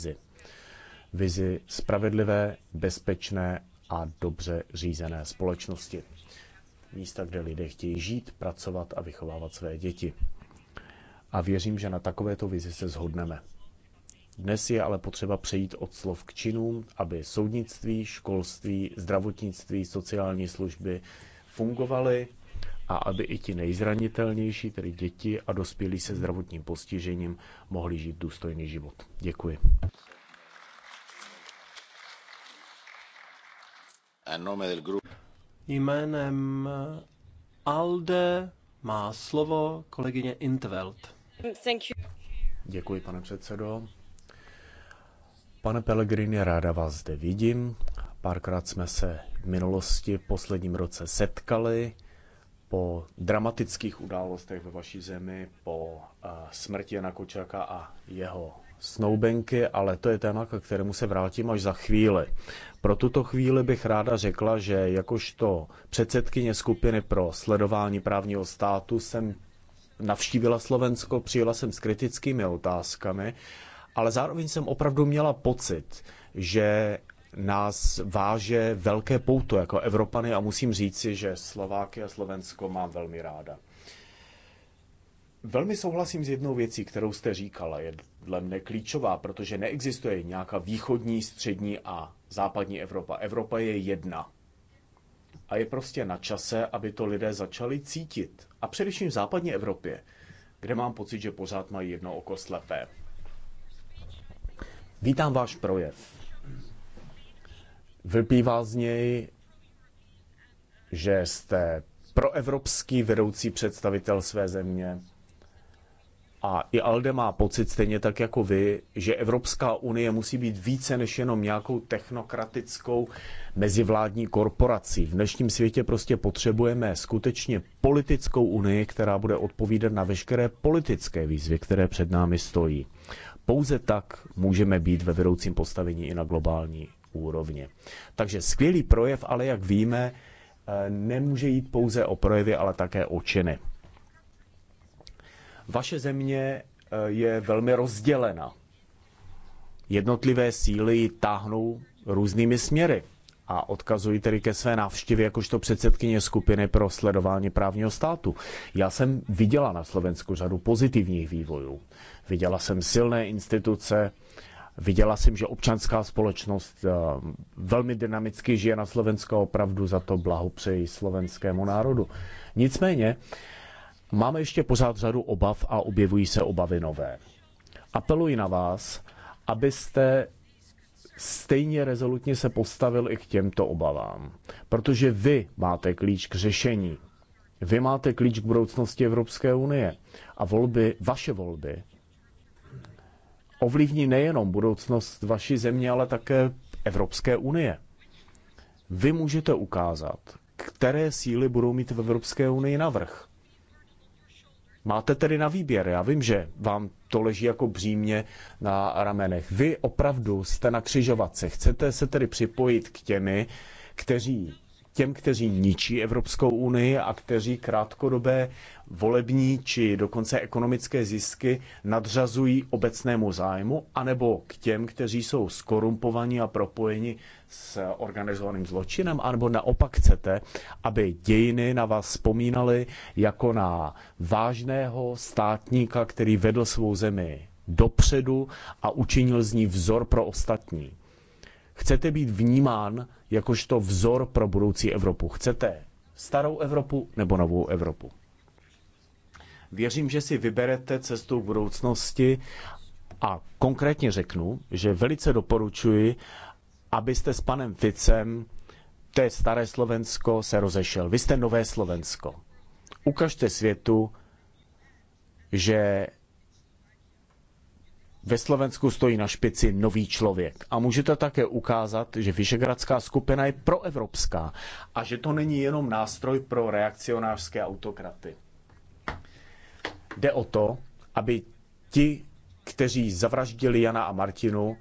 vizi. Vizi spravedlivé, bezpečné a dobře řízené společnosti. Místa, kde lidé chtějí žít, pracovat a vychovávat své děti. A věřím, že na takovéto vizi se zhodneme. Dnes je ale potřeba přejít od slov k činům, aby soudnictví, školství, zdravotnictví, sociální služby fungovaly a aby i ti nejzranitelnější, tedy děti a dospělí se zdravotním postižením, mohli žít důstojný život. Děkuji. Jménem Alde má slovo kolegyně Intveld. Děkuji, pane předsedo. Pane Pellegrini, ráda vás zde vidím. Párkrát jsme se v minulosti v posledním roce setkali po dramatických událostech ve vaší zemi, po eh, smrti Jana Kočáka a jeho snoubenky, ale to je téma, k kterému se vrátím až za chvíli. Pro tuto chvíli bych ráda řekla, že jakožto předsedkyně skupiny pro sledování právního státu jsem navštívila Slovensko, přijela jsem s kritickými otázkami, ale zároveň jsem opravdu měla pocit, že nás váže velké pouto jako Evropany a musím říci, že Slováky a Slovensko mám velmi ráda. Velmi souhlasím s jednou věcí, kterou jste říkala, je dle mne klíčová, protože neexistuje nějaká východní, střední a západní Evropa. Evropa je jedna. A je prostě na čase, aby to lidé začali cítit. A především v západní Evropě, kde mám pocit, že pořád mají jedno oko slepé. Vítám váš projev. Vyplývá z něj, že jste proevropský vedoucí představitel své země. A i Alde má pocit, stejně tak jako vy, že Evropská unie musí být více než jenom nějakou technokratickou mezivládní korporací. V dnešním světě prostě potřebujeme skutečně politickou unii, která bude odpovídat na veškeré politické výzvy, které před námi stojí. Pouze tak můžeme být ve vedoucím postavení i na globální úrovně. Takže skvělý projev, ale jak víme, eh, nemůže jít pouze o projevy, ale také o činy. Vaše země eh, je velmi rozdělena. Jednotlivé síly ji táhnou různými směry a odkazují tedy ke své návštěvě jakožto předsedkyně skupiny pro sledování právního státu. Já jsem viděla na Slovensku řadu pozitivních vývojů. Viděla jsem silné instituce, Viděla jsem, že občanská společnost eh, velmi dynamicky žije na Slovensku a opravdu za to blahopřeji slovenskému národu. Nicméně máme ještě pořád řadu obav a objevují se obavy nové. Apeluji na vás, abyste stejně rezolutně se postavil i k těmto obavám, protože vy máte klíč k řešení. Vy máte klíč k budoucnosti Evropské unie a volby, vaše volby ovlivní nejenom budoucnost vaší země, ale také Evropské unie. Vy můžete ukázat, které síly budou mít v Evropské unii navrh. Máte tedy na výběr. Já vím, že vám to leží jako břímě na ramenech. Vy opravdu jste na křižovatce. Chcete se tedy připojit k těmi, kteří těm, kteří ničí Evropskou unii a kteří krátkodobé volební či dokonce ekonomické zisky nadřazují obecnému zájmu, anebo k těm, kteří jsou skorumpovaní a propojeni s organizovaným zločinem, anebo naopak chcete, aby dějiny na vás vzpomínaly jako na vážného státníka, který vedl svou zemi dopředu a učinil z ní vzor pro ostatní. Chcete být vnímán jakožto vzor pro budoucí Evropu. Chcete starou Evropu nebo novou Evropu? Věřím, že si vyberete cestu budoucnosti a konkrétně řeknu, že velice doporučuji, abyste s panem Ficem té staré Slovensko, se rozešel. Vy jste nové Slovensko. Ukažte světu, že ve Slovensku stojí na špici nový člověk. A můžete také ukázat, že Vyšegradská skupina je proevropská a že to není jenom nástroj pro reakcionářské autokraty. Jde o to, aby ti, kteří zavraždili Jana a Martinu,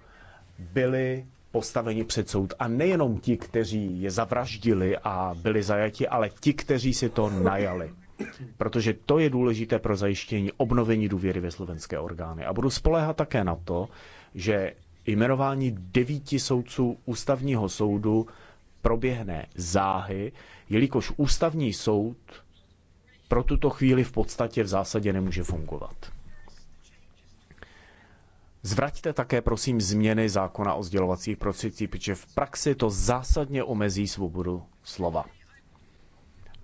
byli postaveni před soud. A nejenom ti, kteří je zavraždili a byli zajati, ale ti, kteří si to najali protože to je důležité pro zajištění obnovení důvěry ve slovenské orgány. A budu spoléhat také na to, že jmenování devíti soudců ústavního soudu proběhne záhy, jelikož ústavní soud pro tuto chvíli v podstatě v zásadě nemůže fungovat. Zvraťte také prosím změny zákona o sdělovacích prostředcích, protože v praxi to zásadně omezí svobodu slova.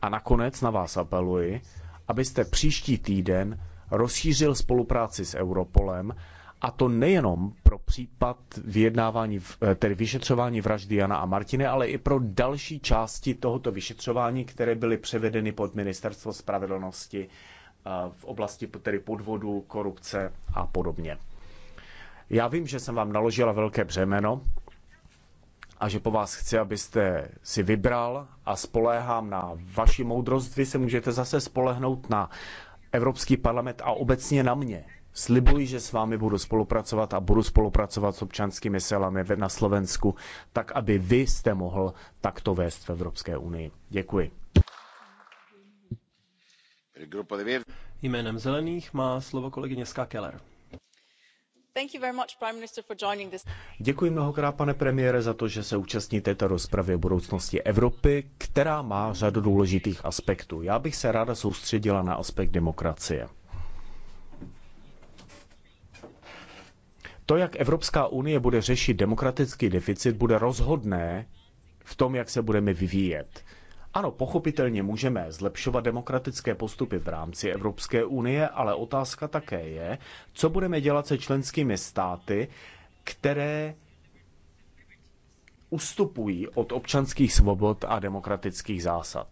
A nakonec na vás apeluji, abyste příští týden rozšířil spolupráci s Europolem, a to nejenom pro případ vyjednávání, eh, tedy vyšetřování vraždy Jana a Martiny, ale i pro další části tohoto vyšetřování, které byly převedeny pod Ministerstvo spravedlnosti eh, v oblasti tedy podvodu, korupce a podobně. Já vím, že jsem vám naložila velké břemeno, a že po vás chci, abyste si vybral a spoléhám na vaši moudrost. Vy se můžete zase spolehnout na Evropský parlament a obecně na mě. Slibuji, že s vámi budu spolupracovat a budu spolupracovat s občanskými silami na Slovensku, tak aby vy jste mohl takto vést v Evropské unii. Děkuji. Jménem Zelených má slovo kolegyně Ska Keller. Děkuji mnohokrát, pane premiére, za to, že se účastní této rozpravy o budoucnosti Evropy, která má řadu důležitých aspektů. Já bych se ráda soustředila na aspekt demokracie. To, jak Evropská unie bude řešit demokratický deficit, bude rozhodné v tom, jak se budeme vyvíjet. Ano, pochopitelně můžeme zlepšovat demokratické postupy v rámci Evropské unie, ale otázka také je, co budeme dělat se členskými státy, které ustupují od občanských svobod a demokratických zásad.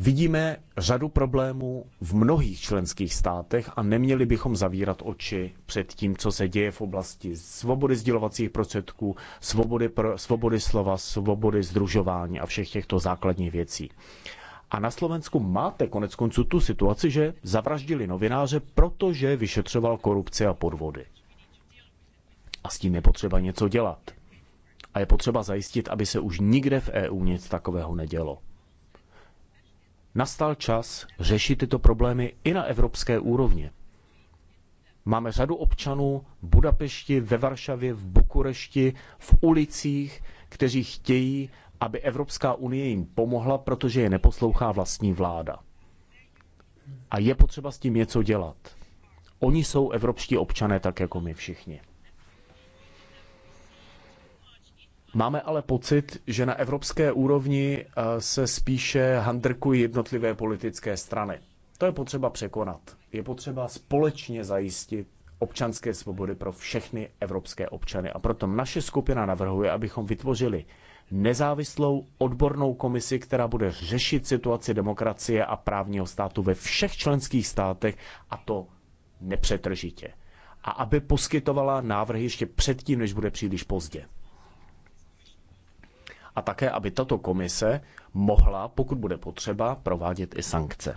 Vidíme řadu problémů v mnohých členských státech a neměli bychom zavírat oči před tím, co se děje v oblasti svobody sdělovacích prostředků, svobody, pro, svobody slova, svobody združování a všech těchto základních věcí. A na Slovensku máte konec konců tu situaci, že zavraždili novináře, protože vyšetřoval korupce a podvody. A s tím je potřeba něco dělat. A je potřeba zajistit, aby se už nikde v EU nic takového nedělo nastal čas řešit tyto problémy i na evropské úrovni. Máme řadu občanů v Budapešti, ve Varšavě, v Bukurešti, v ulicích, kteří chtějí, aby Evropská unie jim pomohla, protože je neposlouchá vlastní vláda. A je potřeba s tím něco dělat. Oni jsou evropští občané tak jako my všichni. Máme ale pocit, že na evropské úrovni eh, se spíše handrkují jednotlivé politické strany. To je potřeba překonat. Je potřeba společně zajistit občanské svobody pro všechny evropské občany. A proto naše skupina navrhuje, abychom vytvořili nezávislou odbornou komisi, která bude řešit situaci demokracie a právního státu ve všech členských státech a to nepřetržitě. A aby poskytovala návrhy ještě předtím, než bude příliš pozdě a také, aby tato komise mohla, pokud bude potřeba, provádět i sankce.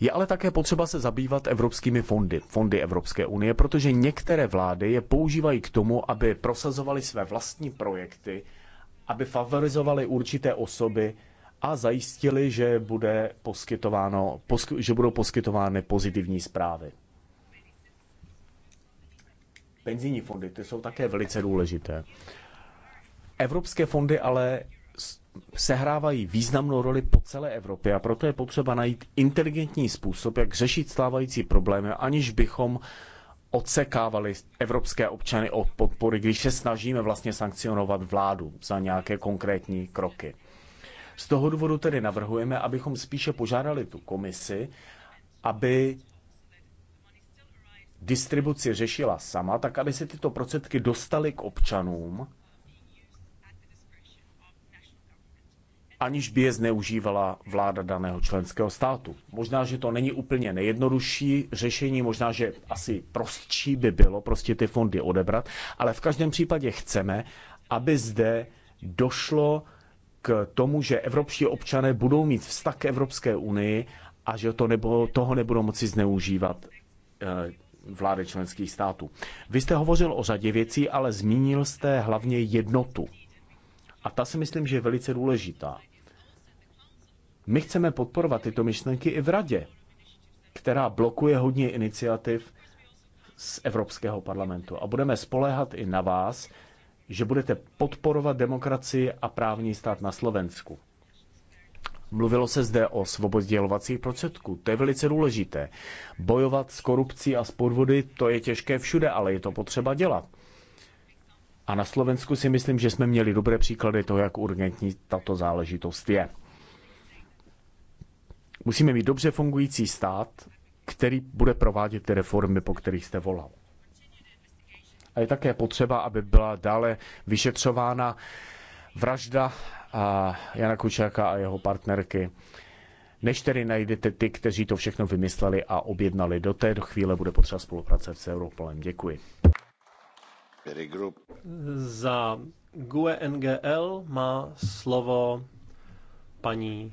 Je ale také potřeba se zabývat evropskými fondy, fondy Evropské unie, protože některé vlády je používají k tomu, aby prosazovaly své vlastní projekty, aby favorizovaly určité osoby a zajistili, že, bude poskytováno, posky, že budou poskytovány pozitivní zprávy. Penzijní fondy, ty jsou také velice důležité. Evropské fondy ale sehrávají významnou roli po celé Evropě a proto je potřeba najít inteligentní způsob, jak řešit stávající problémy, aniž bychom odsekávali evropské občany od podpory, když se snažíme vlastně sankcionovat vládu za nějaké konkrétní kroky. Z toho důvodu tedy navrhujeme, abychom spíše požádali tu komisi, aby distribuci řešila sama, tak aby se tyto prostředky dostaly k občanům aniž by je zneužívala vláda daného členského státu. Možná, že to není úplně nejjednodušší řešení, možná, že asi prostší by bylo prostě ty fondy odebrat, ale v každém případě chceme, aby zde došlo k tomu, že evropští občané budou mít vztah k Evropské unii a že to nebo, toho nebudou moci zneužívat eh, vlády členských států. Vy jste hovořil o řadě věcí, ale zmínil jste hlavně jednotu. A ta si myslím, že je velice důležitá. My chceme podporovat tyto myšlenky i v Radě, která blokuje hodně iniciativ z Evropského parlamentu. A budeme spoléhat i na vás, že budete podporovat demokracii a právní stát na Slovensku. Mluvilo se zde o svobodě dělovacích prostředků. To je velice důležité. Bojovat s korupcí a s podvody, to je těžké všude, ale je to potřeba dělat. A na Slovensku si myslím, že jsme měli dobré příklady toho, jak urgentní tato záležitost je. Musíme mít dobře fungující stát, který bude provádět ty reformy, po kterých jste volal. A je také potřeba, aby byla dále vyšetřována vražda a Jana Kučáka a jeho partnerky. Než tedy najdete ty, kteří to všechno vymysleli a objednali, do té do chvíle bude potřeba spolupracovat s Europolem. Děkuji. Za GUE NGL má slovo paní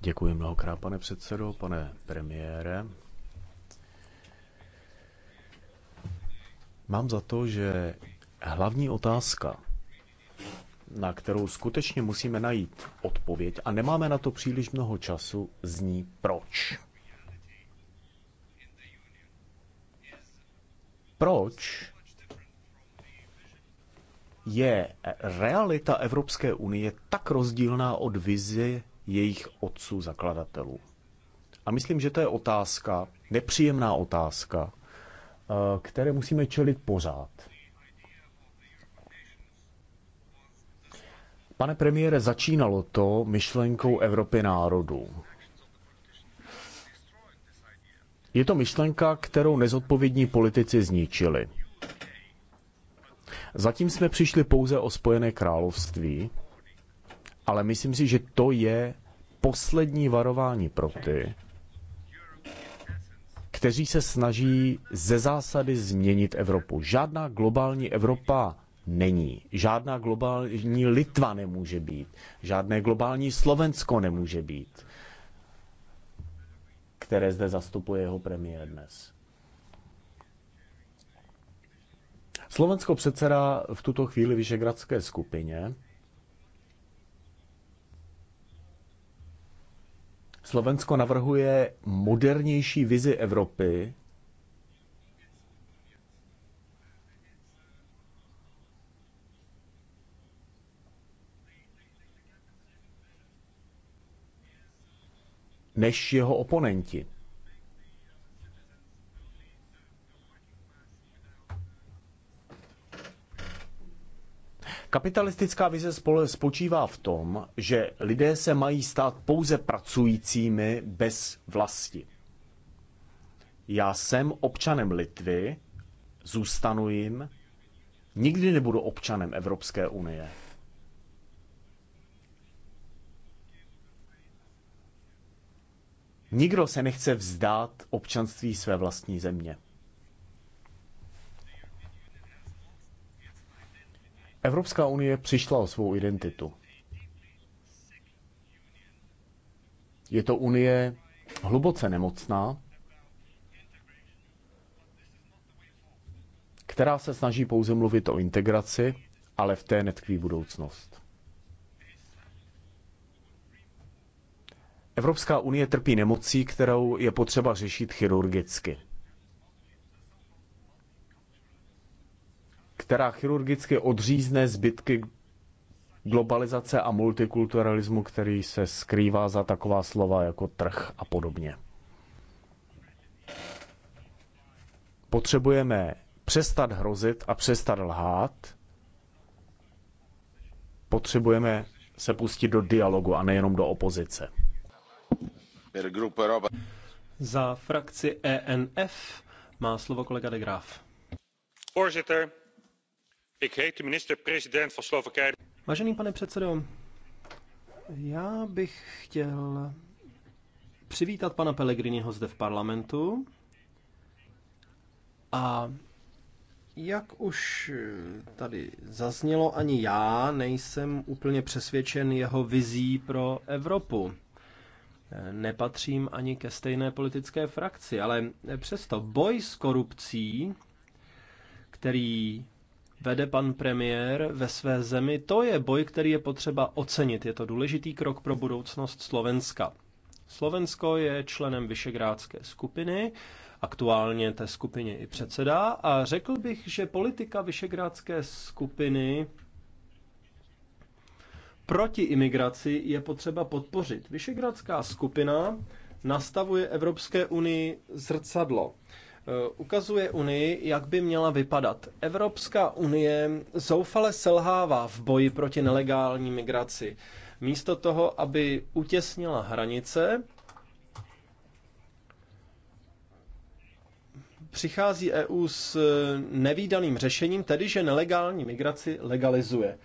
Děkuji mnohokrát, pane předsedo, pane premiére. Mám za to, že hlavní otázka, na kterou skutečně musíme najít odpověď, a nemáme na to příliš mnoho času, zní proč. Proč je realita Evropské unie tak rozdílná od vizi jejich otců zakladatelů. A myslím, že to je otázka, nepříjemná otázka, eh, které musíme čelit pořád. Pane premiére, začínalo to myšlenkou Evropy národů. Je to myšlenka, kterou nezodpovědní politici zničili. Zatím jsme přišli pouze o Spojené království, ale myslím si, že to je poslední varování pro ty, kteří se snaží ze zásady změnit Evropu. Žádná globální Evropa není. Žádná globální Litva nemůže být. Žádné globální Slovensko nemůže být, které zde zastupuje jeho premiér dnes. Slovensko předsedá v tuto chvíli Vyšegradské skupině Slovensko navrhuje modernější vizi Evropy, než jeho oponenti. Kapitalistická vize spočívá v tom, že lidé se mají stát pouze pracujícími bez vlasti. Já jsem občanem Litvy, zůstanu jim, nikdy nebudu občanem Evropské unie. Nikdo se nechce vzdát občanství své vlastní země. Evropská unie přišla o svou identitu. Je to unie hluboce nemocná, která se snaží pouze mluvit o integraci, ale v té netkví budoucnost. Evropská unie trpí nemocí, kterou je potřeba řešit chirurgicky. která chirurgicky odřízne zbytky globalizace a multikulturalismu, který se skrývá za taková slova jako trh a podobně. Potřebujeme přestat hrozit a přestat lhát. Potřebujeme se pustit do dialogu a nejenom do opozice. Za frakci ENF má slovo kolega de Graaf. Vážený pane předsedo, já bych chtěl přivítat pana Pellegriniho zde v parlamentu a jak už tady zaznělo, ani já nejsem úplně přesvědčen jeho vizí pro Evropu. Nepatřím ani ke stejné politické frakci, ale přesto boj s korupcí, který vede pan premiér ve své zemi, to je boj, který je potřeba ocenit. Je to důležitý krok pro budoucnost Slovenska. Slovensko je členem Vyšegrádské skupiny, aktuálně té skupině i předsedá a řekl bych, že politika Vyšegrádské skupiny proti imigraci je potřeba podpořit. Vyšegrádská skupina nastavuje Evropské unii zrcadlo. Eh, ukazuje Unii, jak by měla vypadat. Evropská unie zoufale selhává v boji proti nelegální migraci. Místo toho, aby utěsnila hranice, přichází EU s eh, nevýdaným řešením, tedy že nelegální migraci legalizuje.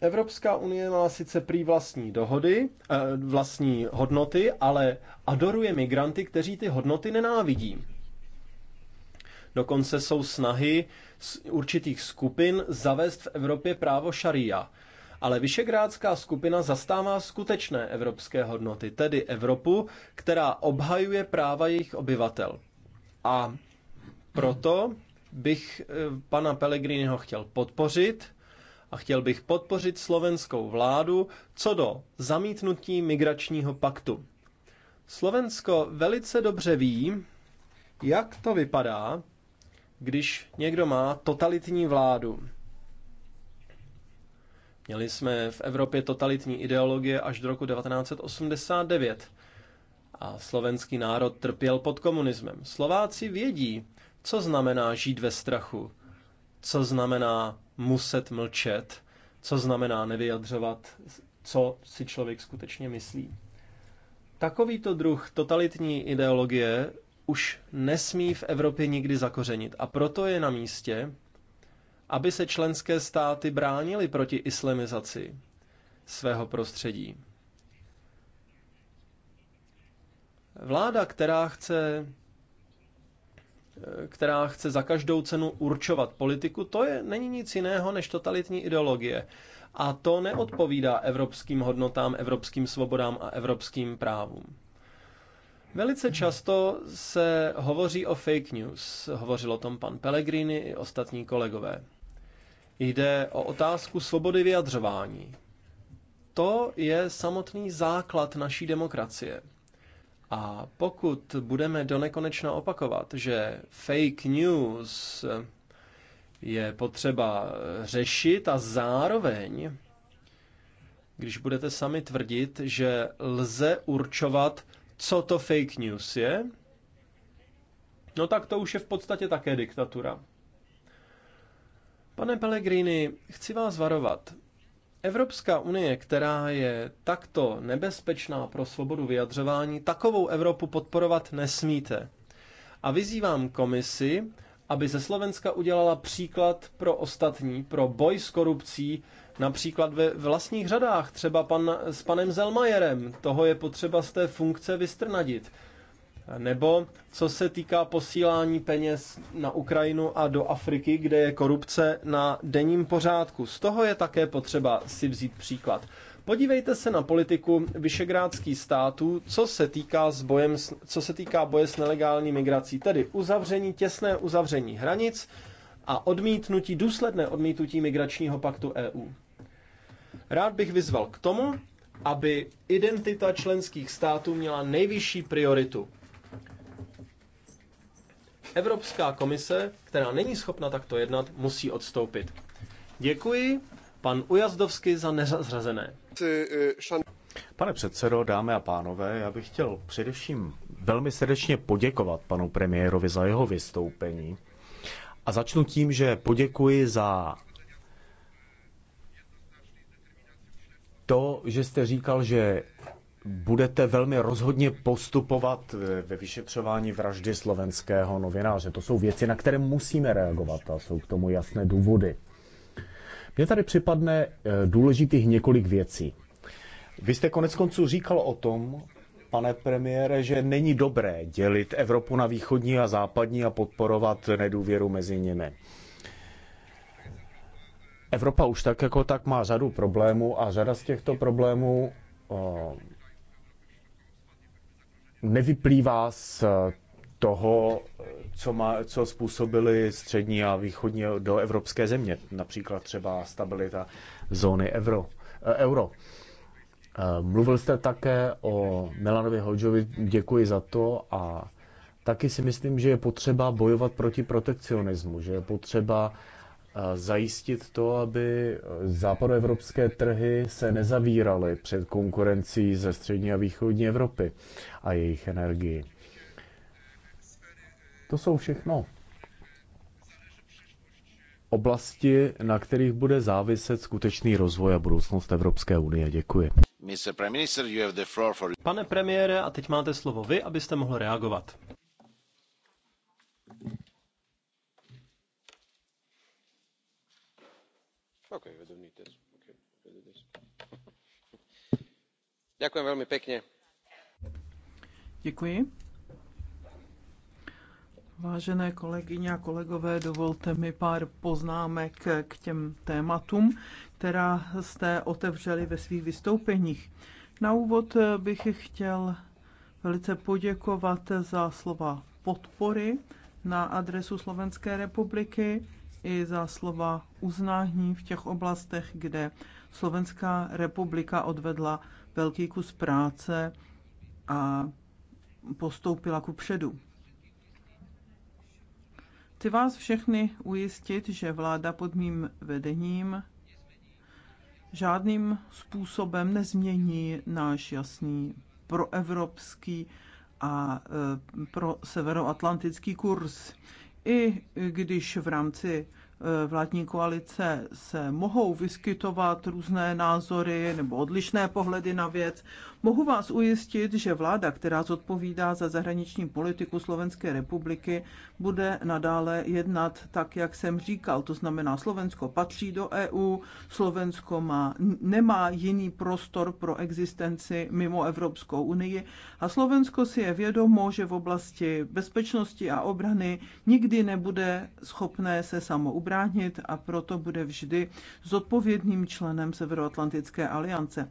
Evropská unie má sice prý vlastní dohody, eh, vlastní hodnoty, ale adoruje migranty, kteří ty hodnoty nenávidí. Dokonce jsou snahy z určitých skupin zavést v Evropě právo šaria. Ale Vyšegrádská skupina zastává skutečné evropské hodnoty, tedy Evropu, která obhajuje práva jejich obyvatel. A proto bych eh, pana Pellegriniho chtěl podpořit a chtěl bych podpořit slovenskou vládu co do zamítnutí migračního paktu. Slovensko velice dobře ví, jak to vypadá, když někdo má totalitní vládu. Měli jsme v Evropě totalitní ideologie až do roku 1989 a slovenský národ trpěl pod komunismem. Slováci vědí, co znamená žít ve strachu, co znamená muset mlčet, co znamená nevyjadřovat, co si člověk skutečně myslí. Takovýto druh totalitní ideologie už nesmí v Evropě nikdy zakořenit. A proto je na místě, aby se členské státy bránily proti islamizaci svého prostředí. Vláda, která chce, která chce za každou cenu určovat politiku, to je, není nic jiného než totalitní ideologie. A to neodpovídá evropským hodnotám, evropským svobodám a evropským právům. Velice často se hovoří o fake news. Hovořil o tom pan Pellegrini i ostatní kolegové. Jde o otázku svobody vyjadřování. To je samotný základ naší demokracie. A pokud budeme do nekonečna opakovat, že fake news je potřeba řešit a zároveň, když budete sami tvrdit, že lze určovat co to fake news je, no tak to už je v podstatě také diktatura. Pane Pellegrini, chci vás varovat. Evropská unie, která je takto nebezpečná pro svobodu vyjadřování, takovou Evropu podporovat nesmíte. A vyzývám komisi, aby ze Slovenska udělala příklad pro ostatní, pro boj s korupcí, Například ve vlastních řadách, třeba pan, s panem Zelmajerem, toho je potřeba z té funkce vystrnadit. Nebo co se týká posílání peněz na Ukrajinu a do Afriky, kde je korupce na denním pořádku. Z toho je také potřeba si vzít příklad. Podívejte se na politiku vyšegrádských států, co se týká, s bojem, co se týká boje s nelegální migrací, tedy uzavření, těsné uzavření hranic a odmítnutí, důsledné odmítnutí migračního paktu EU. Rád bych vyzval k tomu, aby identita členských států měla nejvyšší prioritu. Evropská komise, která není schopna takto jednat, musí odstoupit. Děkuji, pan Ujazdovský za nezazrazené. Pane předsedo, dámy a pánové, já bych chtěl především velmi srdečně poděkovat panu premiérovi za jeho vystoupení. A začnu tím, že poděkuji za to, že jste říkal, že budete velmi rozhodně postupovat ve vyšetřování vraždy slovenského novináře. To jsou věci, na které musíme reagovat a jsou k tomu jasné důvody. Mně tady připadne eh, důležitých několik věcí. Vy jste konec konců říkal o tom, pane premiére, že není dobré dělit Evropu na východní a západní a podporovat nedůvěru mezi nimi. Evropa už tak jako tak má řadu problémů a řada z těchto problémů eh, nevyplývá z toho, co, má, co způsobili střední a východní do evropské země, například třeba stabilita zóny eh, euro. euro. Eh, mluvil jste také o Milanovi Hodžovi, děkuji za to a taky si myslím, že je potřeba bojovat proti protekcionismu, že je potřeba zajistit to, aby západoevropské trhy se nezavíraly před konkurencí ze střední a východní Evropy a jejich energií. To jsou všechno oblasti, na kterých bude záviset skutečný rozvoj a budoucnost Evropské unie. Děkuji. Pane premiére, a teď máte slovo vy, abyste mohl reagovat. Ďakujem veľmi pekne. Děkuji. Vážené kolegyně a kolegové, dovolte mi pár poznámek k těm tématům, která jste otevřeli ve svých vystoupeních. Na úvod bych chtěl velice poděkovat za slova podpory na adresu Slovenské republiky i za slova uznání v těch oblastech, kde Slovenská republika odvedla velký kus práce a postoupila ku předu. Chci vás všechny ujistit, že vláda pod mým vedením žádným způsobem nezmění náš jasný proevropský a e, pro severoatlantický kurz i když v rámci Eh, vládní koalice se mohou vyskytovat různé názory nebo odlišné pohledy na věc. Mohu vás ujistit, že vláda, která zodpovídá za zahraniční politiku Slovenské republiky, bude nadále jednat tak, jak jsem říkal. To znamená, Slovensko patří do EU, Slovensko má, nemá jiný prostor pro existenci mimo Evropskou unii a Slovensko si je vědomo, že v oblasti bezpečnosti a obrany nikdy nebude schopné se samo bránit a proto bude vždy zodpovědným členem Severoatlantické aliance.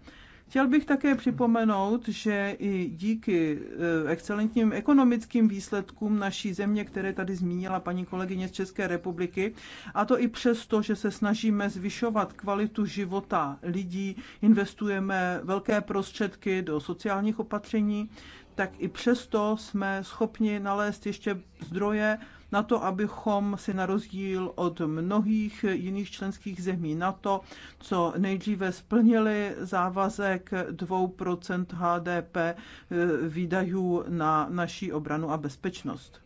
Chtěl bych také připomenout, že i díky eh, excelentním ekonomickým výsledkům naší země, které tady zmínila paní kolegyně z České republiky, a to i přesto, že se snažíme zvyšovat kvalitu života lidí, investujeme velké prostředky do sociálních opatření, tak i přesto jsme schopni nalézt ještě zdroje na to, abychom si na rozdíl od mnohých jiných členských zemí na to, co nejdříve splnili závazek 2% HDP eh, výdajů na naší obranu a bezpečnost.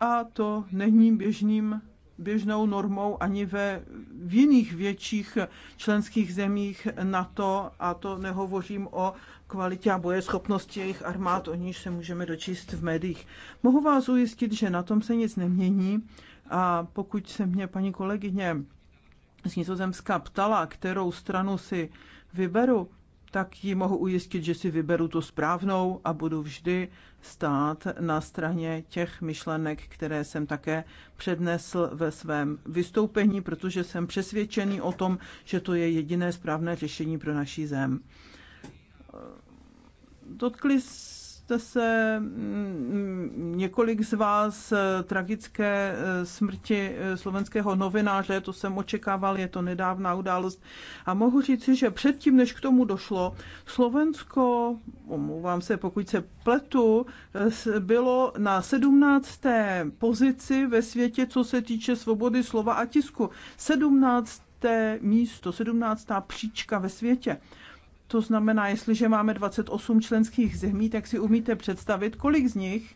A to není běžným běžnou normou ani ve v jiných větších členských zemích NATO a to nehovořím o kvalitě a bojeschopnosti jejich armád, o níž se můžeme dočíst v médiích. Mohu vás ujistit, že na tom se nic nemění a pokud se mě paní kolegyně z Nizozemska ptala, kterou stranu si vyberu, tak ji mohu ujistit, že si vyberu tu správnou a budu vždy stát na straně těch myšlenek, které jsem také přednesl ve svém vystoupení, protože jsem přesvědčený o tom, že to je jediné správné řešení pro naší zem. Dotkli jste se mm, několik z vás eh, tragické eh, smrti eh, slovenského novináře, to jsem očekával, je to nedávná událost. A mohu říci, že předtím, než k tomu došlo, Slovensko, omlouvám se, pokud se pletu, bylo na 17. pozici ve světě, co se týče svobody slova a tisku. 17. místo, 17. příčka ve světě. To znamená, jestliže máme 28 členských zemí, tak si umíte představit, kolik z nich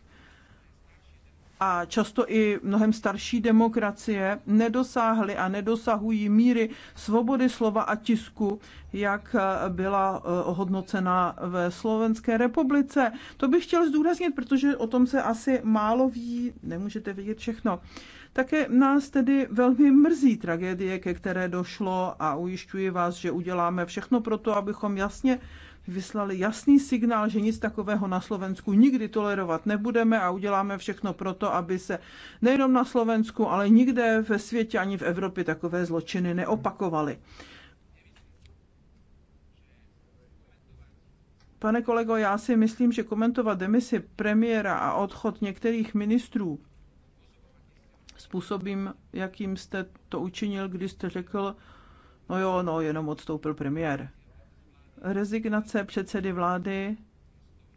a často i mnohem starší demokracie nedosáhly a nedosahují míry svobody slova a tisku, jak eh, byla eh, ohodnocena ve Slovenské republice. To bych chtěl zdůraznit, protože o tom se asi málo ví, nemůžete vidět všechno. Také nás tedy velmi mrzí tragédie, ke které došlo a ujišťuji vás, že uděláme všechno pro to, abychom jasně vyslali jasný signál, že nic takového na Slovensku nikdy tolerovat nebudeme a uděláme všechno pro to, aby se nejenom na Slovensku, ale nikde ve světě ani v Evropě takové zločiny neopakovaly. Pane kolego, já si myslím, že komentovat demisi premiéra a odchod některých ministrů způsobem, jakým jste to učinil, když jste řekl, no jo, no, jenom odstoupil premiér. Rezignace předsedy vlády,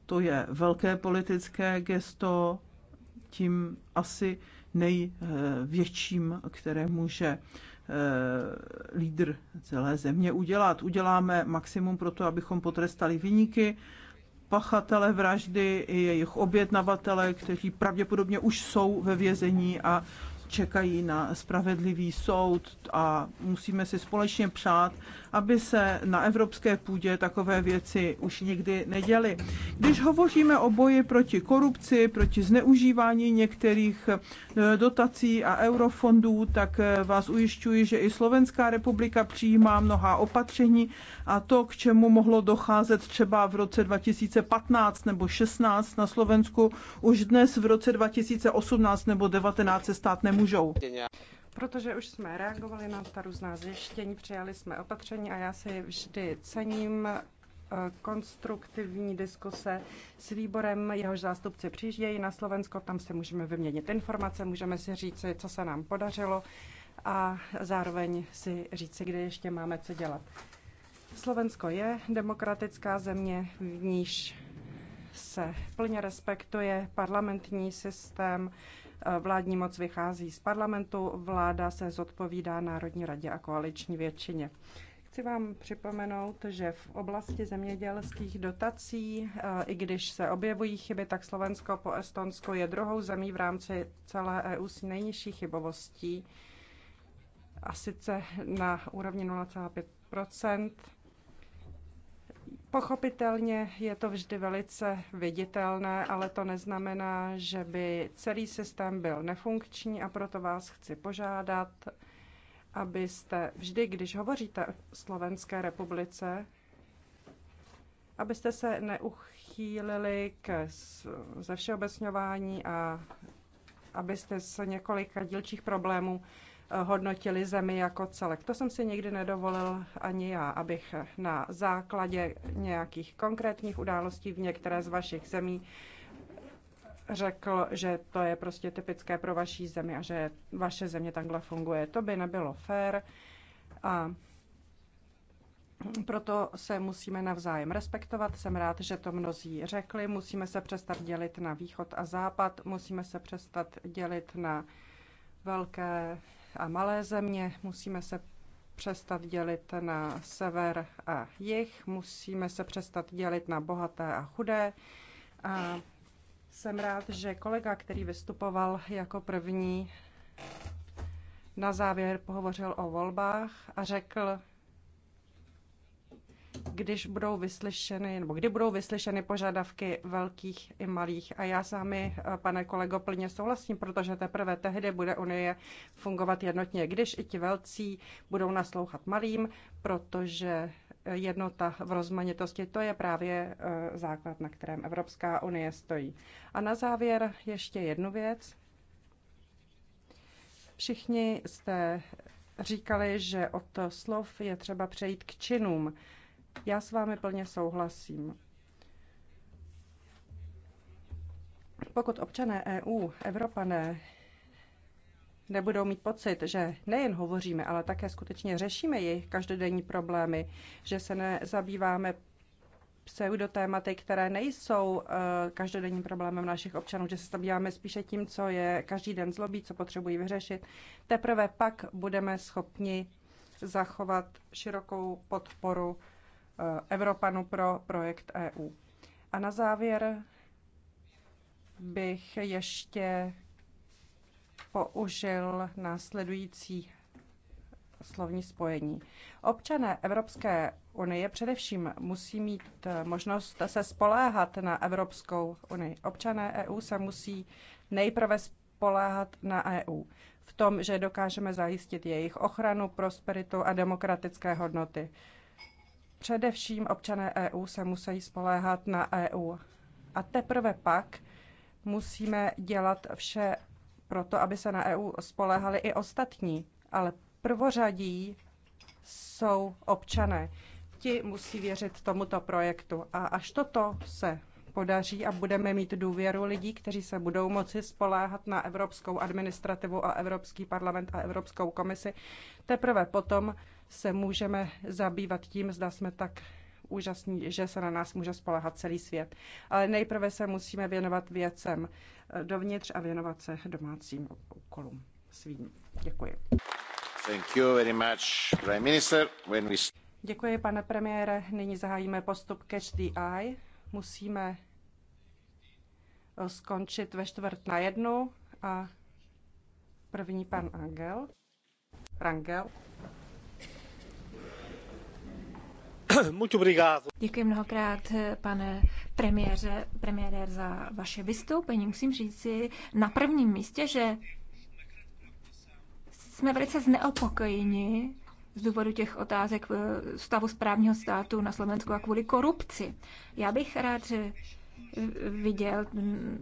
to je velké politické gesto, tím asi největším, které může eh, lídr celé země udělat. Uděláme maximum pro to, abychom potrestali vyníky, pachatele vraždy i jejich objednavatele, kteří pravděpodobně už jsou ve vězení a čekají na spravedlivý soud a musíme si společně přát, aby se na evropské půdě takové věci už nikdy neděly. Když hovoříme o boji proti korupci, proti zneužívání některých eh, dotací a eurofondů, tak eh, vás ujišťuji, že i Slovenská republika přijímá mnoha opatření a to, k čemu mohlo docházet třeba v roce 2015 nebo 16 na Slovensku, už dnes v roce 2018 nebo 19 se stát nemůže můžou. Protože už jsme reagovali na ta různá zjištění, přijali jsme opatření a já si vždy cením eh, konstruktivní diskuse s výborem, jehož zástupci přijíždějí na Slovensko, tam si můžeme vyměnit informace, můžeme si říct, co se nám podařilo a zároveň si říci, kde ještě máme co dělat. Slovensko je demokratická země, v níž se plně respektuje parlamentní systém, Eh, vládní moc vychází z parlamentu, vláda se zodpovídá Národní radě a koaliční většině. Chci vám připomenout, že v oblasti zemědělských dotací, eh, i když se objevují chyby, tak Slovensko po Estonsko je druhou zemí v rámci celé EU s nejnižší chybovostí, a sice na úrovni 0,5 Pochopitelně je to vždy velice viditelné, ale to neznamená, že by celý systém byl nefunkční a proto vás chci požádat, abyste vždy, když hovoříte o Slovenské republice, abyste se neuchýlili k zevšeobecňování a abyste se několika dílčích problémů hodnotili zemi jako celek. To jsem si nikdy nedovolil ani já, abych na základě nějakých konkrétních událostí v některé z vašich zemí řekl, že to je prostě typické pro vaší zemi a že vaše země takhle funguje. To by nebylo fér a proto se musíme navzájem respektovat. Jsem rád, že to mnozí řekli. Musíme se přestat dělit na východ a západ, musíme se přestat dělit na velké a malé země, musíme se přestat dělit na sever a jih, musíme se přestat dělit na bohaté a chudé. A jsem rád, že kolega, který vystupoval jako první, na závěr pohovořil o volbách a řekl, když budou vyslyšeny, nebo kdy budou vyslyšeny požadavky velkých i malých. A já s vámi, pane kolego, plně souhlasím, protože teprve tehdy bude Unie fungovat jednotně, když i ti velcí budou naslouchat malým, protože jednota v rozmanitosti, to je právě eh, základ, na kterém Evropská unie stojí. A na závěr ještě jednu věc. Všichni jste říkali, že od slov je třeba přejít k činům. Já s vámi plně souhlasím. Pokud občané EU, Evropané, nebudou mít pocit, že nejen hovoříme, ale také skutečně řešíme jejich každodenní problémy, že se nezabýváme pseudotématy, které nejsou eh, každodenním problémem našich občanů, že se zabýváme spíše tím, co je každý den zlobí, co potřebují vyřešit. Teprve pak budeme schopni zachovat širokou podporu Eh, Evropanu pro projekt EU. A na závěr bych ještě použil následující slovní spojení. Občané Evropské unie především musí mít eh, možnost se spoléhat na Evropskou unii. Občané EU se musí nejprve spoléhat na EU v tom, že dokážeme zajistit jejich ochranu, prosperitu a demokratické hodnoty. Především občané EU se musí spoléhat na EU. A teprve pak musíme dělat vše pro to, aby se na EU spoléhali i ostatní. Ale prvořadí jsou občané. Ti musí věřit tomuto projektu. A až toto se podaří a budeme mít důvěru lidí, kteří se budou moci spoléhat na evropskou administrativu a Evropský parlament a Evropskou komisi, teprve potom se můžeme zabývat tím, zda jsme tak úžasní, že se na nás může spolehat celý svět. Ale nejprve se musíme věnovat věcem dovnitř a věnovat se domácím úkolům svým. Děkuji. Thank you very much, Prime Minister. When we... Děkuji, pane premiére. Nyní zahájíme postup Catch the Eye. Musíme eh, skončit ve čtvrt na jednu a první pan Angel. Rangel. Děkuji mnohokrát, pane premiére, premiére, za vaše vystoupení. Musím říci na prvním místě, že jsme velice zneopokojeni z důvodu těch otázek stavu správního státu na Slovensku a kvůli korupci. Já bych rád viděl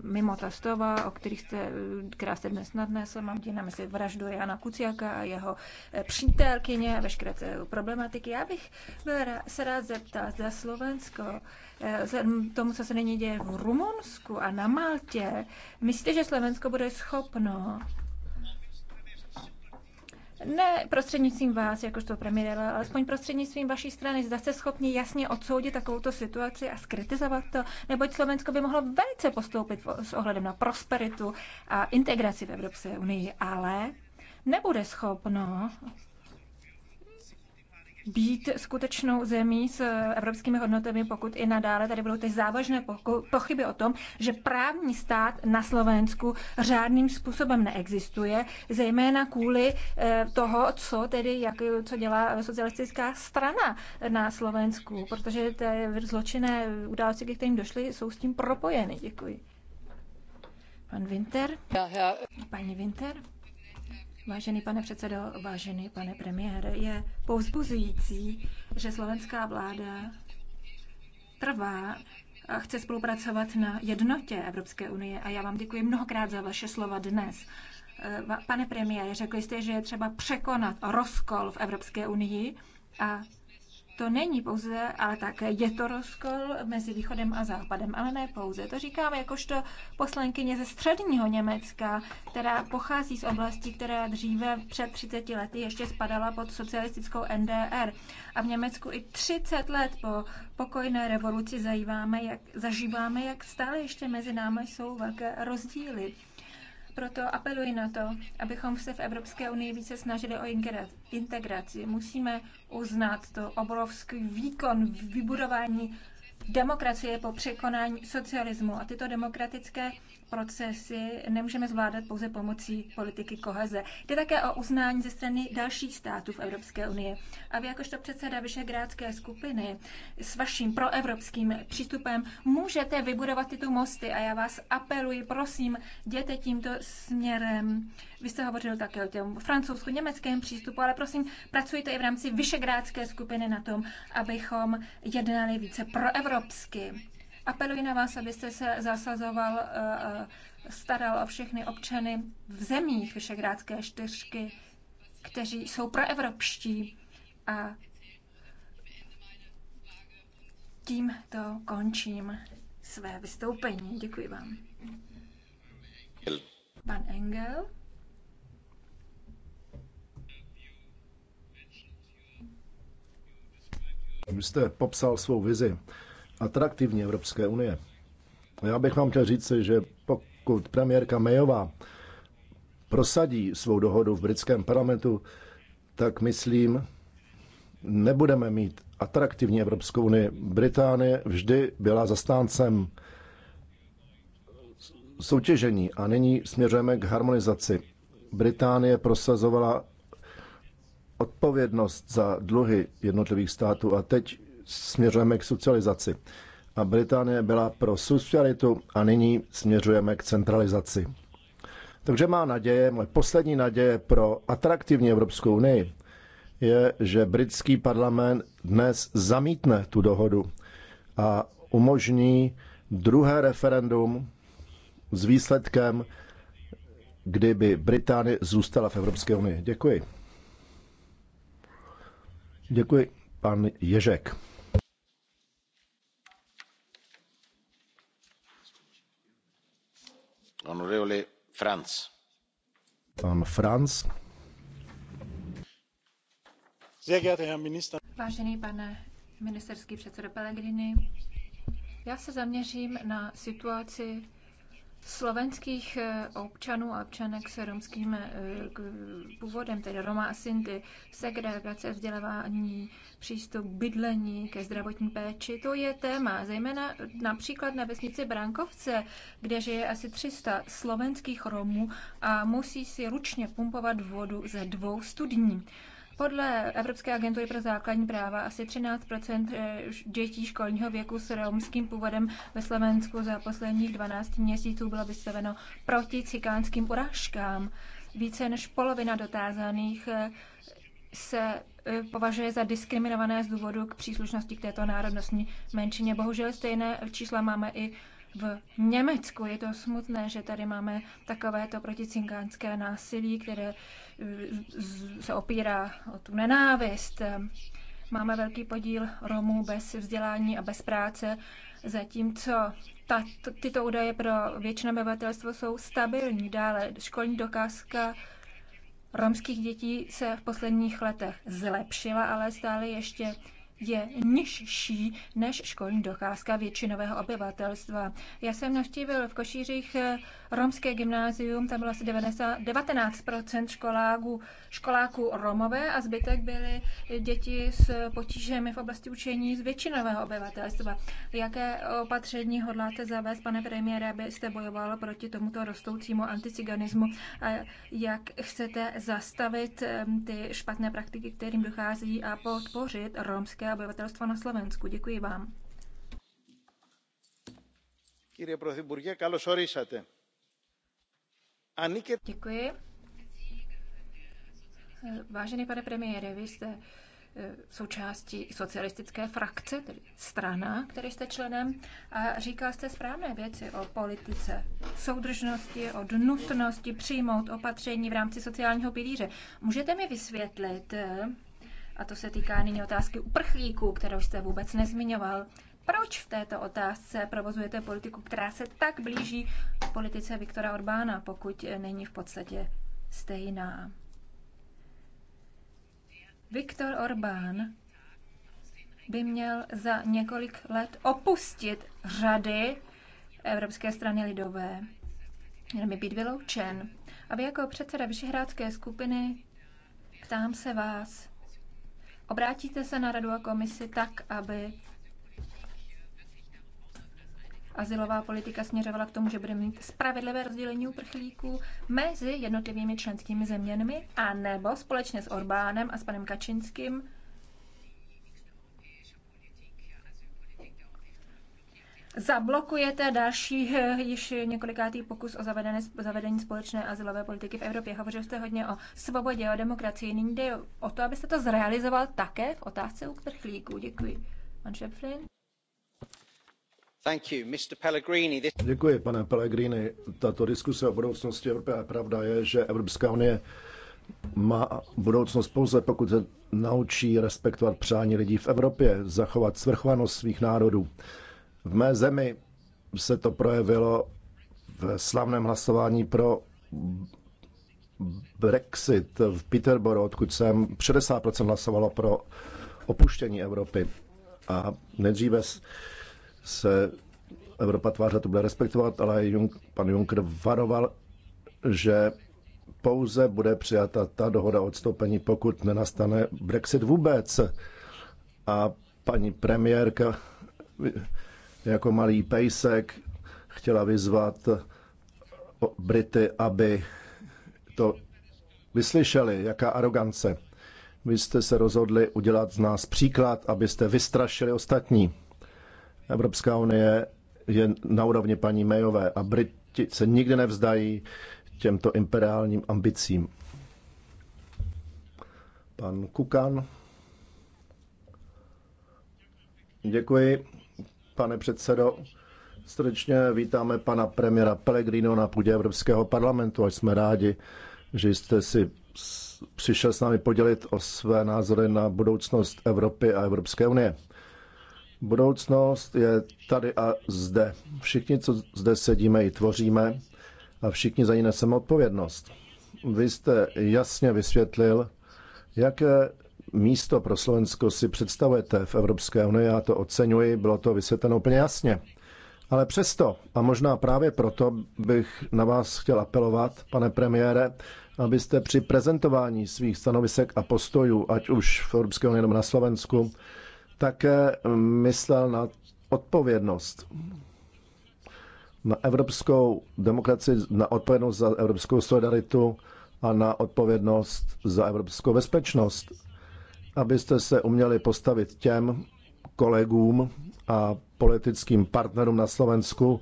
mimo ta stova, o kterých jste, krásně jste dnes nadnesl, mám tím na mysli vraždu Jana Kuciaka a jeho eh, přítelkyně a veškeré problematiky. Já bych se rád zeptal, za Slovensko, vzhledem eh, tomu, co se nyní děje v Rumunsku a na Maltě, myslíte, že Slovensko bude schopno ne prostřednictvím vás, jakožto premiéra, ale alespoň prostřednictvím vaší strany, zda jste schopni jasně odsoudit takovouto situaci a skritizovat to, neboť Slovensko by mohlo velice postoupit s ohledem na prosperitu a integraci v Evropské unii, ale nebude schopno být skutečnou zemí s eh, evropskými hodnotami, pokud i nadále tady budou ty závažné pochyby o tom, že právní stát na Slovensku řádným způsobem neexistuje, zejména kvůli eh, toho, co tedy, jak, co dělá socialistická strana na Slovensku, protože ty zločinné události, ke kterým došly, jsou s tím propojeny. Děkuji. Pan Winter? Paní Winter? Vážený pane předsedo, vážený pane premiére, je povzbuzující, že slovenská vláda trvá a chce spolupracovat na jednotě Evropské unie. A já vám děkuji mnohokrát za vaše slova dnes. Eh, pane premiére, řekli jste, že je třeba překonat rozkol v Evropské unii a to není pouze, ale také je to rozkol mezi východem a západem, ale ne pouze. To říkám jakožto poslankyně ze středního Německa, která pochází z oblasti, která dříve před 30 lety ještě spadala pod socialistickou NDR. A v Německu i 30 let po pokojné revoluci zažíváme, jak, zažíváme, jak stále ještě mezi námi jsou velké rozdíly. Proto apeluji na to, abychom se v Evropské unii více snažili o integraci. Musíme uznat to obrovský výkon vybudování demokracie po překonání socialismu a tyto demokratické procesy nemůžeme zvládat pouze pomocí politiky koheze. Jde také o uznání ze strany dalších států v Evropské unii. A vy jakožto předseda Vyšegrádské skupiny s vaším proevropským přístupem můžete vybudovat tyto mosty a já vás apeluji, prosím, jděte tímto směrem. Vy jste hovořil také o těm francouzsko-německém přístupu, ale prosím, pracujte i v rámci Vyšegrádské skupiny na tom, abychom jednali více proevropsky. Apeluji na vás, abyste se zasazoval, eh, eh, staral o všechny občany v zemích Vyšegrádské čtyřky, kteří jsou proevropští a tím to končím své vystoupení. Děkuji vám. Pan Engel. Vy jste popsal svou vizi atraktivní Evropské unie. Já bych vám chtěl říct, že pokud premiérka Mayová prosadí svou dohodu v britském parlamentu, tak myslím, nebudeme mít atraktivní Evropskou unii. Británie vždy byla zastáncem soutěžení a nyní směřujeme k harmonizaci. Británie prosazovala odpovědnost za dluhy jednotlivých států a teď směřujeme k socializaci. A Británie byla pro socialitu, a nyní směřujeme k centralizaci. Takže má naděje, moje poslední naděje pro atraktivní Evropskou unii je, že britský parlament dnes zamítne tu dohodu a umožní druhé referendum s výsledkem, kdyby Británie zůstala v Evropské unii. Děkuji. Děkuji, pan Ježek. Vážený pane ministerský předsedo Pellegrini, já se zaměřím na situaci slovenských eh, občanů a občanek s romským eh, původem, tedy Roma a Sinty, segregace, vzdělávání, přístup k bydlení, ke zdravotní péči, to je téma, zejména například na vesnici Brankovce, kde žije asi 300 slovenských Romů a musí si ručně pumpovat vodu ze dvou studní. Podle Evropské agentury pro základní práva asi 13 eh, dětí školního věku s romským původem ve Slovensku za posledních 12 měsíců bylo vystaveno proti cikánským urážkám. Více než polovina dotázaných eh, se eh, považuje za diskriminované z důvodu k příslušnosti k této národnostní menšině. Bohužel stejné čísla máme i v Německu. Je to smutné, že tady máme takovéto proticinkánské násilí, které eh, se opírá o tu nenávist. Máme velký podíl Romů bez vzdělání a bez práce, zatímco ta, tyto údaje pro většinu obyvatelstvo jsou stabilní. Dále školní dokázka romských dětí se v posledních letech zlepšila, ale stále ještě je nižší než školní docházka většinového obyvatelstva. Já jsem navštívil v Košířích eh, romské gymnázium, tam bylo asi 90, 19% školáků, školáků romové a zbytek byly děti s potížemi v oblasti učení z většinového obyvatelstva. Jaké opatření hodláte zavést, pane premiére, abyste bojoval proti tomuto rostoucímu anticiganismu a jak chcete zastavit eh, ty špatné praktiky, kterým dochází a podpořit romské a obyvatelstva na Slovensku. Děkuji vám. Děkuji. Vážený pane premiére, vy jste eh, součástí socialistické frakce, tedy strana, který jste členem, a říkal jste správné věci o politice soudržnosti, o nutnosti přijmout opatření v rámci sociálního pilíře. Můžete mi vysvětlit, eh, a to se týká nyní otázky uprchlíků, kterou jste vůbec nezmiňoval. Proč v této otázce provozujete politiku, která se tak blíží politice Viktora Orbána, pokud není v podstatě stejná? Viktor Orbán by měl za několik let opustit řady Evropské strany lidové. Měl by být vyloučen. A vy jako předseda Vyšehrádské skupiny ptám se vás, Obrátíte se na radu a komisi tak, aby azylová politika směřovala k tomu, že bude mít spravedlivé rozdělení uprchlíků mezi jednotlivými členskými zeměmi a nebo společně s Orbánem a s panem Kačinským zablokujete další eh, již několikátý pokus o zavedení, zavedení společné azylové politiky v Evropě. Hovořil jste hodně o svobodě, o demokracii. Nyní jde o to, abyste to zrealizoval také v otázce uprchlíků. Děkuji. Pan Šeflin. Děkuji, pane Pellegrini. Tato diskuse o budoucnosti Evropy a pravda je, že Evropská unie má budoucnost pouze, pokud se naučí respektovat přání lidí v Evropě, zachovat svrchovanost svých národů. V mé zemi se to projevilo v slavném hlasování pro Brexit v Peterborough, odkud jsem 60% hlasovalo pro opuštění Evropy. A nejdříve se Evropa tváře to bude respektovat, ale Jung, pan Juncker varoval, že pouze bude přijata ta dohoda o odstoupení, pokud nenastane Brexit vůbec. A paní premiérka jako malý pejsek chtěla vyzvat Brity, aby to vyslyšeli, jaká arogance. Vy jste se rozhodli udělat z nás příklad, abyste vystrašili ostatní. Evropská unie je na úrovni paní Mayové a Briti se nikdy nevzdají těmto imperiálním ambicím. Pan Kukan. Děkuji pane předsedo. Srdečně vítáme pana premiéra Pellegrino na půdě Evropského parlamentu a jsme rádi, že jste si přišel s námi podělit o své názory na budoucnost Evropy a Evropské unie. Budoucnost je tady a zde. Všichni, co zde sedíme, ji tvoříme a všichni za ní neseme odpovědnost. Vy jste jasně vysvětlil, jaké místo pro Slovensko si představujete v Evropské unii, já to oceňuji, bylo to vysvětleno úplně jasně. Ale přesto, a možná právě proto bych na vás chtěl apelovat, pane premiére, abyste při prezentování svých stanovisek a postojů, ať už v Evropské unii nebo na Slovensku, také myslel na odpovědnost. Na evropskou demokracii, na odpovědnost za evropskou solidaritu a na odpovědnost za evropskou bezpečnost abyste se uměli postavit těm kolegům a politickým partnerům na Slovensku,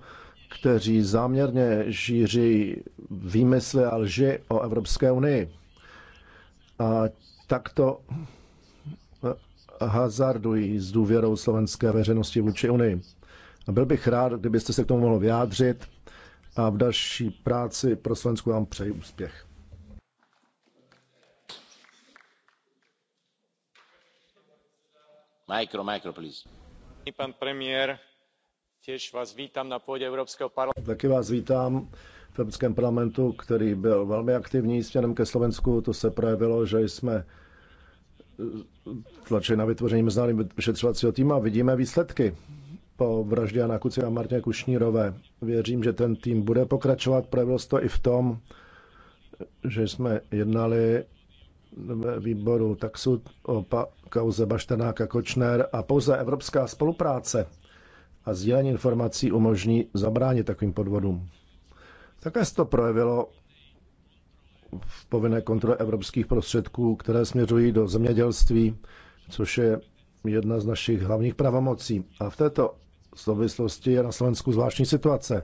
kteří záměrně šíří výmysly a lži o Evropské unii. A takto hazardují s důvěrou slovenské veřejnosti vůči Unii. A byl bych rád, kdybyste se k tomu mohl vyjádřit a v další práci pro Slovensku vám přeji úspěch. pane premiére též vás vítám na půdě evropského parlamentu. taky vás vítám v Evropském parlamentu, který byl velmi aktivní směrem ke Slovensku. To se projevilo, že jsme eh, tlačili na vytvoření mezinárodního vyšetřovacího týmu a vidíme výsledky po vraždě Jana Kuci a Martě Kušnírové. Věřím, že ten tým bude pokračovat. Projevilo se to i v tom, že jsme jednali výboru taxu o pa, kauze Baštenáka Kočner a pouze evropská spolupráce a sdílení informací umožní zabránit takovým podvodům. Také se to projevilo v povinné kontrole evropských prostředků, které směřují do zemědělství, což je jedna z našich hlavních pravomocí. A v této souvislosti je na Slovensku zvláštní situace.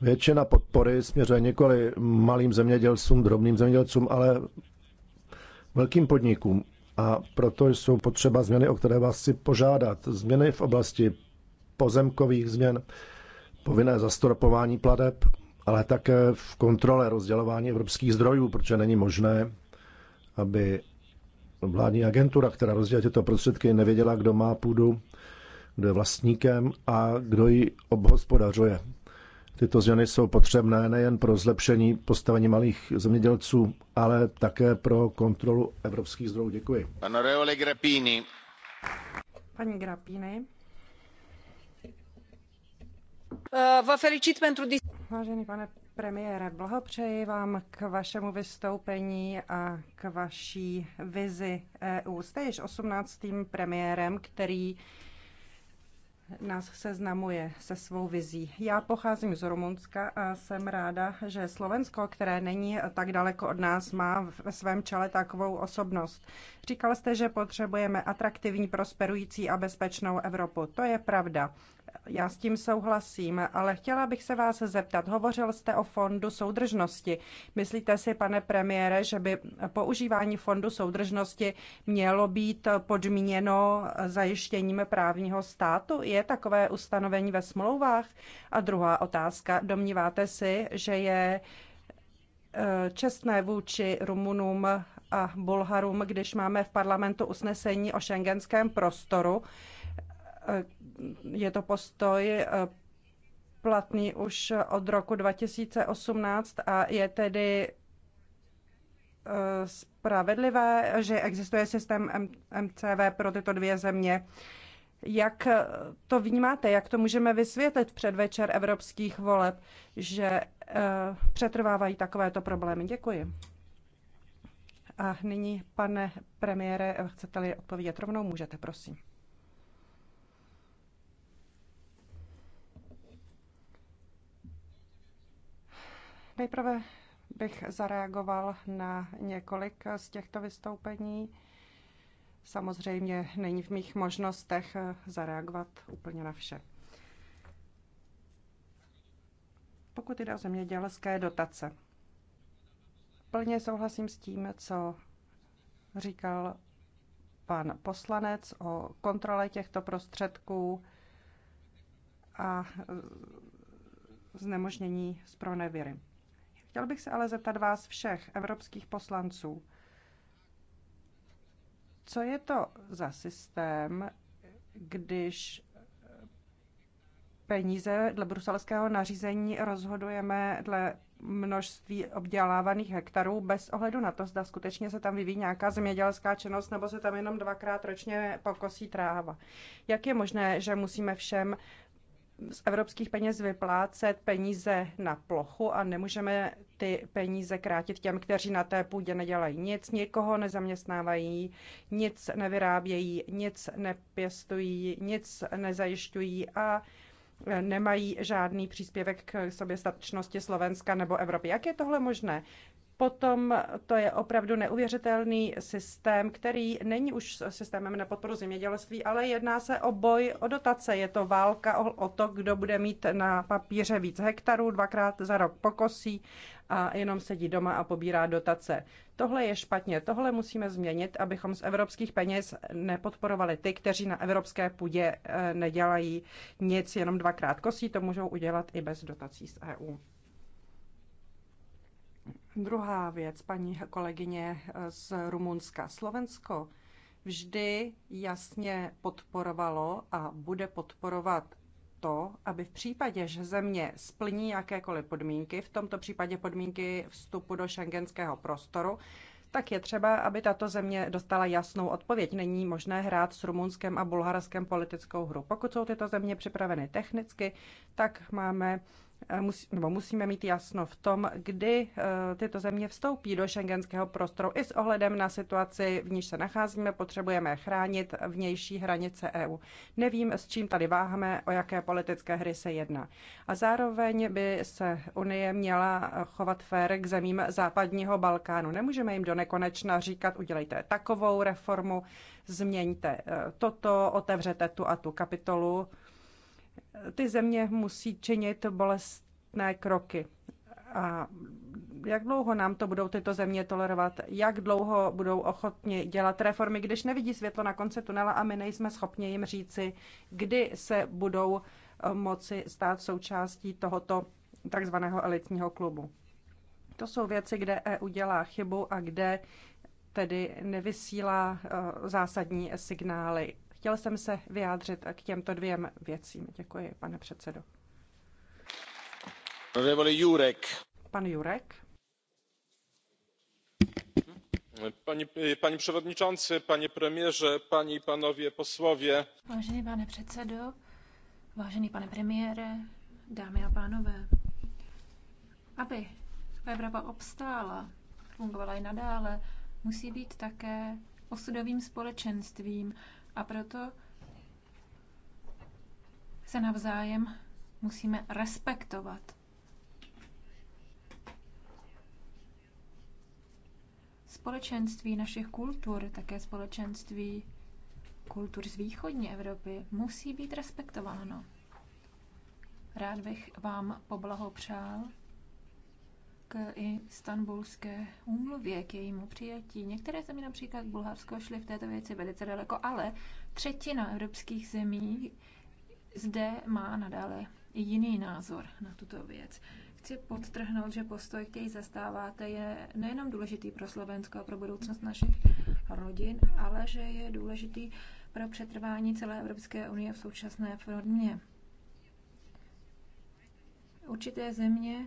Většina podpory směřuje nikoli malým zemědělcům, drobným zemědělcům, ale velkým podnikům. A proto jsou potřeba změny, o které vás chci požádat. Změny v oblasti pozemkových změn, povinné zastropování pladeb, ale také v kontrole rozdělování evropských zdrojů, protože není možné, aby vládní agentura, která rozděluje tyto prostředky, nevěděla, kdo má půdu, kdo je vlastníkem a kdo ji obhospodařuje. Tyto změny jsou potřebné nejen pro zlepšení postavení malých zemědělců, ale také pro kontrolu evropských zdrojů. Děkuji. pane Grappini. Paní Grappini. Eh, vă felicit pentru Vážený pane premiére, blahopřeji vám k vašemu vystoupení a k vaší vizi EU. Jste již 18. premiérem, který nás seznamuje se svou vizí. Já pocházím z Rumunska a jsem ráda, že Slovensko, které není tak daleko od nás, má ve svém čele takovou osobnost. Říkal jste, že potřebujeme atraktivní, prosperující a bezpečnou Evropu. To je pravda já s tím souhlasím, ale chtěla bych se vás zeptat. Hovořil jste o fondu soudržnosti. Myslíte si, pane premiére, že by používání fondu soudržnosti mělo být podmíněno zajištěním právního státu? Je takové ustanovení ve smlouvách? A druhá otázka. Domníváte si, že je eh, čestné vůči Rumunům a Bulharům, když máme v parlamentu usnesení o šengenském prostoru, eh, je to postoj eh, platný už od roku 2018 a je tedy eh, spravedlivé, že existuje systém MCV pro tyto dvě země. Jak eh, to vnímáte, jak to můžeme vysvětlit předvečer evropských voleb, že přetrvávají takovéto problémy? Děkuji. A nyní, pane premiére, chcete-li odpovědět rovnou, můžete, prosím. Nejprve bych zareagoval na několik z těchto vystoupení. Samozřejmě není v mých možnostech zareagovat úplně na vše. Pokud jde o zemědělské dotace, plně souhlasím s tím, co říkal pan poslanec o kontrole těchto prostředků a znemožnění z pronevěry. Chtěl bych se ale zeptat vás všech, evropských poslanců, co je to za systém, když peníze dle bruselského nařízení rozhodujeme dle množství obdělávaných hektarů bez ohledu na to, zda skutečně se tam vyvíjí nějaká zemědělská činnost nebo se tam jenom dvakrát ročně pokosí tráva. Jak je možné, že musíme všem z evropských peněz vyplácet peníze na plochu a nemůžeme ty peníze krátit těm, kteří na té půdě nedělají nic, nikoho nezaměstnávají, nic nevyrábějí, nic nepěstují, nic nezajišťují a nemají žádný příspěvek k soběstačnosti Slovenska nebo Evropy. Jak je tohle možné? Potom to je opravdu neuvěřitelný systém, který není už systémem na podporu zemědělství, ale jedná se o boj o dotace. Je to válka o, o to, kdo bude mít na papíře víc hektarů, dvakrát za rok pokosí a jenom sedí doma a pobírá dotace. Tohle je špatně, tohle musíme změnit, abychom z evropských peněz nepodporovali ty, kteří na evropské půdě eh, nedělají nic, jenom dvakrát kosí, to můžou udělat i bez dotací z EU. Druhá věc, paní kolegyně z Rumunska. Slovensko vždy jasně podporovalo a bude podporovat to, aby v případě, že země splní jakékoliv podmínky, v tomto případě podmínky vstupu do šengenského prostoru, tak je třeba, aby tato země dostala jasnou odpověď. Není možné hrát s Rumunskem a bulharském politickou hru. Pokud jsou tyto země připraveny technicky, tak máme Eh, musí, nebo musíme mít jasno v tom, kdy eh, tyto země vstoupí do šengenského prostoru. I s ohledem na situaci, v níž se nacházíme, potřebujeme chránit vnější hranice EU. Nevím, s čím tady váháme, o jaké politické hry se jedná. A zároveň by se Unie měla chovat fér k zemím západního Balkánu. Nemůžeme jim do nekonečna říkat, udělejte takovou reformu, změňte eh, toto, otevřete tu a tu kapitolu ty země musí činit bolestné kroky. A jak dlouho nám to budou tyto země tolerovat? Jak dlouho budou ochotni dělat reformy, když nevidí světlo na konci tunela a my nejsme schopni jim říci, kdy se budou eh, moci stát součástí tohoto takzvaného elitního klubu? To jsou věci, kde EU dělá chybu a kde tedy nevysílá eh, zásadní signály Chtěl jsem se vyjádřit k těmto dvěm věcím. Děkuji, pane předsedo. Jurek. Pan Jurek. Pani przewodniczący, panie premierze, panie i panowie posłowie. Vážený pane předsedo, vážený pane premiére, dámy a pánové. Aby Evropa obstála, fungovala i nadále, musí být také osudovým společenstvím a proto se navzájem musíme respektovat. Společenství našich kultur, také společenství kultur z východní Evropy, musí být respektováno. Rád bych vám poblahopřál k istanbulské úmluvě, k jejímu přijetí. Některé země, například Bulharsko, šly v této věci velice daleko, ale třetina evropských zemí zde má nadále jiný názor na tuto věc. Chci podtrhnout, že postoj, který zastáváte, je nejenom důležitý pro Slovensko a pro budoucnost našich rodin, ale že je důležitý pro přetrvání celé Evropské unie v současné formě. Určité země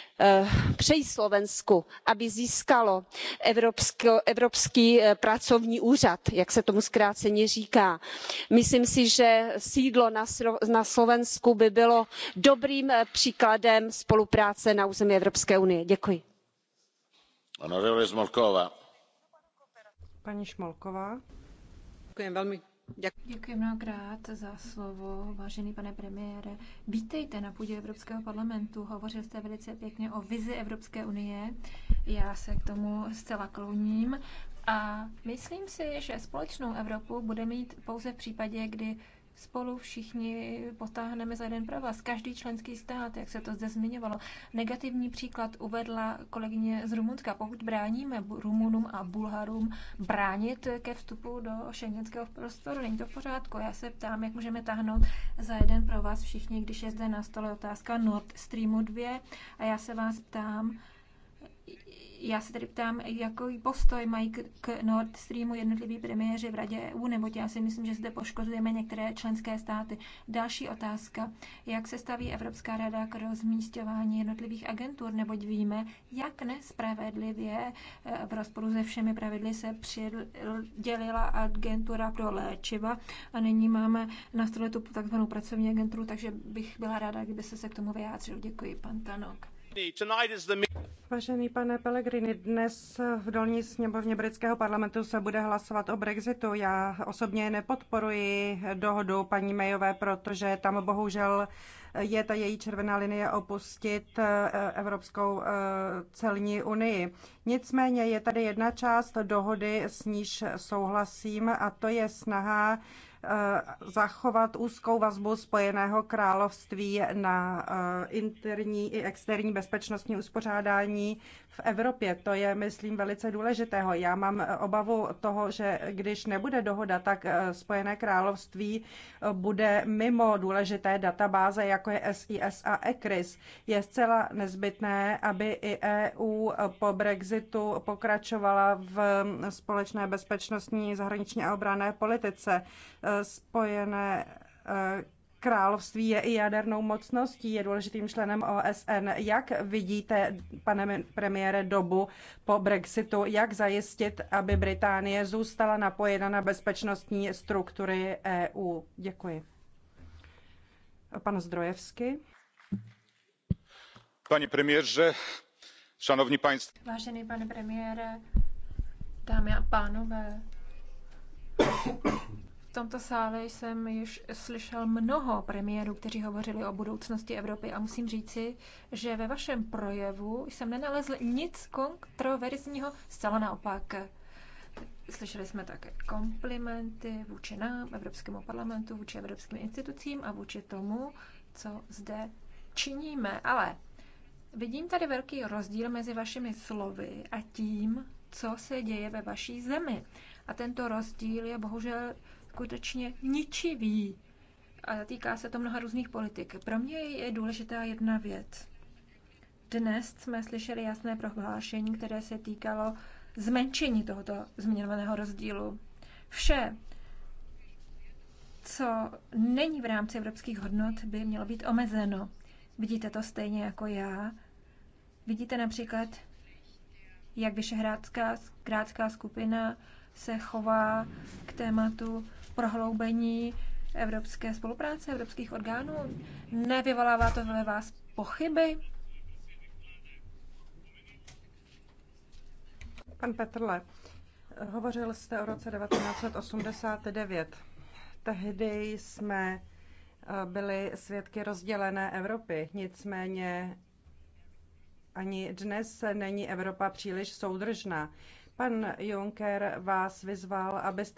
Eh, přeji slovensku aby získalo evropský eh, pracovní úřad jak se tomu zkráceně říká. myslím si že sídlo na slovensku by bylo dobrým eh, příkladem spolupráce na území evropské unie. děkuji. paní šmolková. Děkuji mnohokrát za slovo, vážený pane premiére. Vítejte na půdě Evropského parlamentu. Hovořil jste velice pěkně o vizi Evropské unie. Já se k tomu zcela kloním. A myslím si, že společnou Evropu bude mít pouze v případě, kdy spolu všichni potáhneme za jeden provaz. Každý členský stát, jak se to zde zmiňovalo. Negativní příklad uvedla kolegyně z Rumunska. Pokud bráníme Rumunům a Bulharům bránit ke vstupu do šengenského prostoru, není to v pořádku. Já se ptám, jak můžeme táhnout za jeden provaz všichni, když je zde na stole otázka Nord Streamu 2. A já se vás ptám, já se tedy ptám, jaký postoj mají k Nord Streamu jednotliví premiéři v Radě EU, neboť já si myslím, že zde poškozujeme některé členské státy. Další otázka. Jak se staví Evropská rada k rozmístěvání jednotlivých agentur, neboť víme, jak nespravedlivě eh, v rozporu se všemi pravidly se přidělila agentura pro léčiva a nyní máme na stole tu takzvanou pracovní agenturu, takže bych byla ráda, kdyby se, se k tomu vyjádřil. Děkuji, pan Tanok. Vážený pane Pellegrini, dnes v dolní sněmovně britského parlamentu se bude hlasovat o Brexitu. Já osobně nepodporuji dohodu paní Mayové, protože tam bohužel je ta její červená linie opustit eh, Evropskou eh, celní unii. Nicméně je tady jedna část dohody, s níž souhlasím, a to je snaha Eh, zachovat úzkou vazbu Spojeného království na eh, interní i externí bezpečnostní uspořádání v Evropě. To je, myslím, velice důležitého. Já mám eh, obavu toho, že když nebude dohoda, tak Spojené království bude mimo důležité databáze, jako je SIS a ECRIS. Je zcela nezbytné, aby i EU po Brexitu pokračovala v hm, společné bezpečnostní zahraniční a obrané politice spojené eh, království je i jadernou mocností, je důležitým členem OSN. Jak vidíte, pane premiére, dobu po Brexitu, jak zajistit, aby Británie zůstala napojena na bezpečnostní struktury EU? Děkuji. Pan Zdrojevský. Pane premiére, šanovní państwo. Vážený pane premiére, dámy a pánové, tomto sále jsem již slyšel mnoho premiérů, kteří hovořili o budoucnosti Evropy a musím říci, že ve vašem projevu jsem nenalezl nic kontroverzního, zcela naopak. Slyšeli jsme také komplimenty vůči nám, Evropskému parlamentu, vůči evropským institucím a vůči tomu, co zde činíme. Ale vidím tady velký rozdíl mezi vašimi slovy a tím, co se děje ve vaší zemi. A tento rozdíl je bohužel skutečně ničivý a týká se to mnoha různých politik. Pro mě je důležitá jedna věc. Dnes jsme slyšeli jasné prohlášení, které se týkalo zmenšení tohoto zmiňovaného rozdílu. Vše, co není v rámci evropských hodnot, by mělo být omezeno. Vidíte to stejně jako já. Vidíte například, jak Vyšehrádská skupina se chová k tématu prohloubení evropské spolupráce, evropských orgánů? Nevyvolává to ve vás pochyby? Pan Petrle, hovořil jste o roce 1989. Tehdy jsme eh, byli svědky rozdělené Evropy, nicméně ani dnes není Evropa příliš soudržná. Pan Juncker vás vyzval, abyste